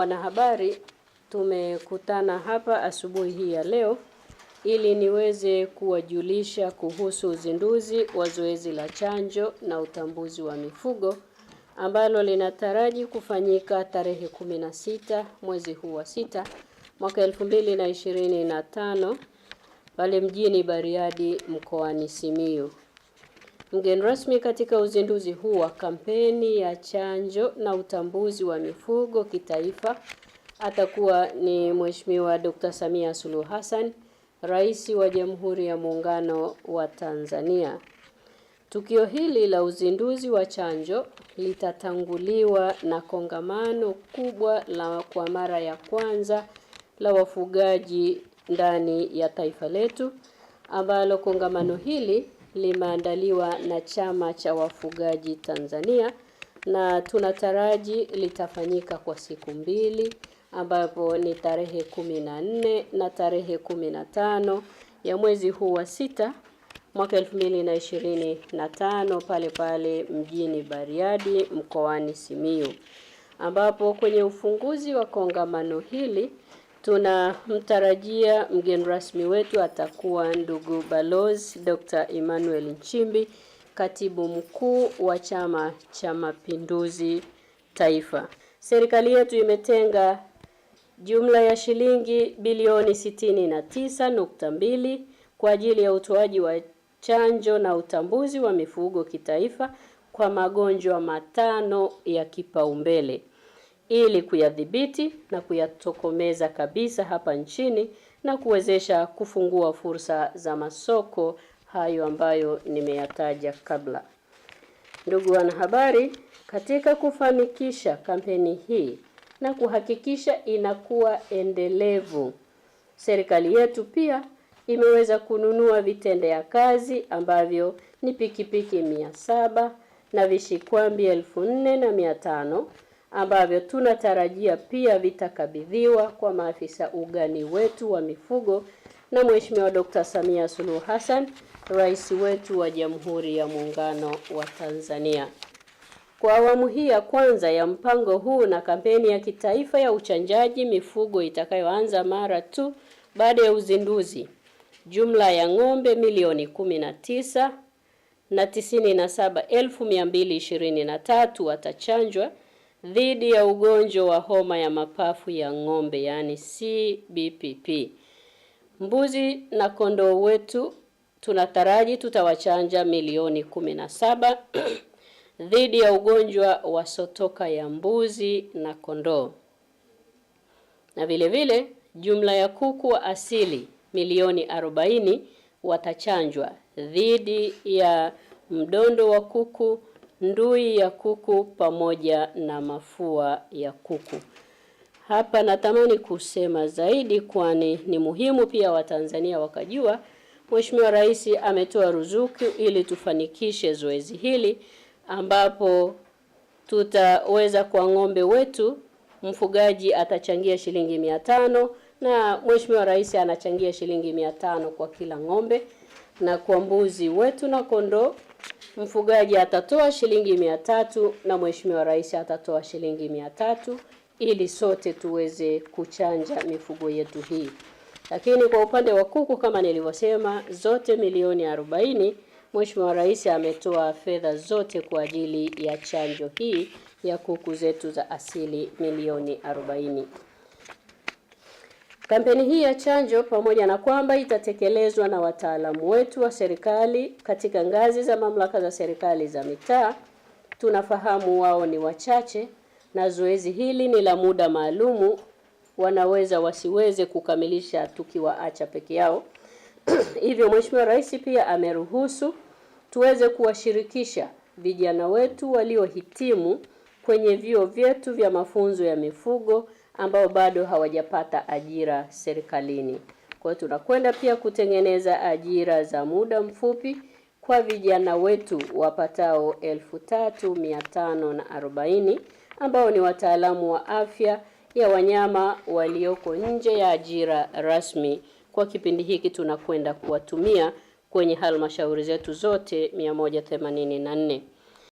wanahabari, tumekutana hapa asubuhi hii ya leo ili niweze kuwajulisha kuhusu uzinduzi wa zoezi la chanjo na utambuzi wa mifugo ambalo linataraji kufanyika tarehe 16 mwezi huu wa sita mwaka 2025 pale mjini Bariadi mkoani Simiyu. Mgeni rasmi katika uzinduzi huu wa kampeni ya chanjo na utambuzi wa mifugo kitaifa atakuwa ni Mheshimiwa Dr. Samia Suluhu Hassan, Rais wa Jamhuri ya Muungano wa Tanzania. Tukio hili la uzinduzi wa chanjo litatanguliwa na kongamano kubwa la kwa mara ya kwanza la wafugaji ndani ya taifa letu ambalo kongamano hili limeandaliwa na Chama cha Wafugaji Tanzania na tunataraji litafanyika kwa siku mbili ambapo ni tarehe 14 na tarehe 15 ya mwezi huu wa sita mwaka elfu na tano pale pale mjini Bariadi mkoani simiu ambapo kwenye ufunguzi wa kongamano hili Tunamtarajia mgeni rasmi wetu atakuwa ndugu Balozi Dr. Emmanuel Nchimbi, katibu mkuu wa Chama cha Mapinduzi Taifa. Serikali yetu imetenga jumla ya shilingi bilioni 69.2 kwa ajili ya utoaji wa chanjo na utambuzi wa mifugo kitaifa kwa magonjwa matano ya kipaumbele ili kuyadhibiti na kuyatokomeza kabisa hapa nchini na kuwezesha kufungua fursa za masoko hayo ambayo nimeyataja kabla. Ndugu wanahabari, katika kufanikisha kampeni hii na kuhakikisha inakuwa endelevu, serikali yetu pia imeweza kununua vitendea kazi ambavyo ni pikipiki mia saba na vishikwambi elfu nne na mia tano ambavyo tunatarajia pia vitakabidhiwa kwa maafisa ugani wetu wa mifugo na Mheshimiwa Dkt. Samia Suluhu Hassan, rais wetu wa Jamhuri ya Muungano wa Tanzania. Kwa awamu hii ya kwanza ya mpango huu na kampeni ya kitaifa ya uchanjaji mifugo itakayoanza mara tu baada ya uzinduzi, jumla ya ng'ombe milioni 19 na 97,223 watachanjwa dhidi ya ugonjwa wa homa ya mapafu ya ng'ombe yaani CBPP. Mbuzi na kondoo wetu tunataraji tutawachanja milioni 17 saba dhidi ya ugonjwa wa sotoka ya mbuzi na kondoo, na vile vile jumla ya kuku wa asili milioni arobaini watachanjwa dhidi ya mdondo wa kuku ndui ya kuku pamoja na mafua ya kuku. Hapa natamani kusema zaidi, kwani ni muhimu pia Watanzania wakajua Mheshimiwa Rais ametoa ruzuku ili tufanikishe zoezi hili, ambapo tutaweza kwa ng'ombe wetu mfugaji atachangia shilingi mia tano na Mheshimiwa Rais anachangia shilingi mia tano kwa kila ng'ombe na kwa mbuzi wetu na kondoo mfugaji atatoa shilingi mia tatu na Mheshimiwa Rais atatoa shilingi mia tatu ili sote tuweze kuchanja mifugo yetu hii. Lakini kwa upande wa kuku kama nilivyosema, zote milioni arobaini Mheshimiwa Rais ametoa fedha zote kwa ajili ya chanjo hii ya kuku zetu za asili milioni arobaini. Kampeni hii ya chanjo, pamoja na kwamba itatekelezwa na wataalamu wetu wa serikali katika ngazi za mamlaka za serikali za mitaa, tunafahamu wao ni wachache na zoezi hili ni la muda maalumu, wanaweza wasiweze kukamilisha tukiwaacha peke yao. Hivyo Mheshimiwa Rais pia ameruhusu tuweze kuwashirikisha vijana wetu waliohitimu kwenye vyuo vyetu vya mafunzo ya mifugo ambao bado hawajapata ajira serikalini. Kwa hiyo tunakwenda pia kutengeneza ajira za muda mfupi kwa vijana wetu wapatao elfu tatu mia tano na arobaini ambao ni wataalamu wa afya ya wanyama walioko nje ya ajira rasmi. Kwa kipindi hiki tunakwenda kuwatumia kwenye halmashauri zetu zote 184.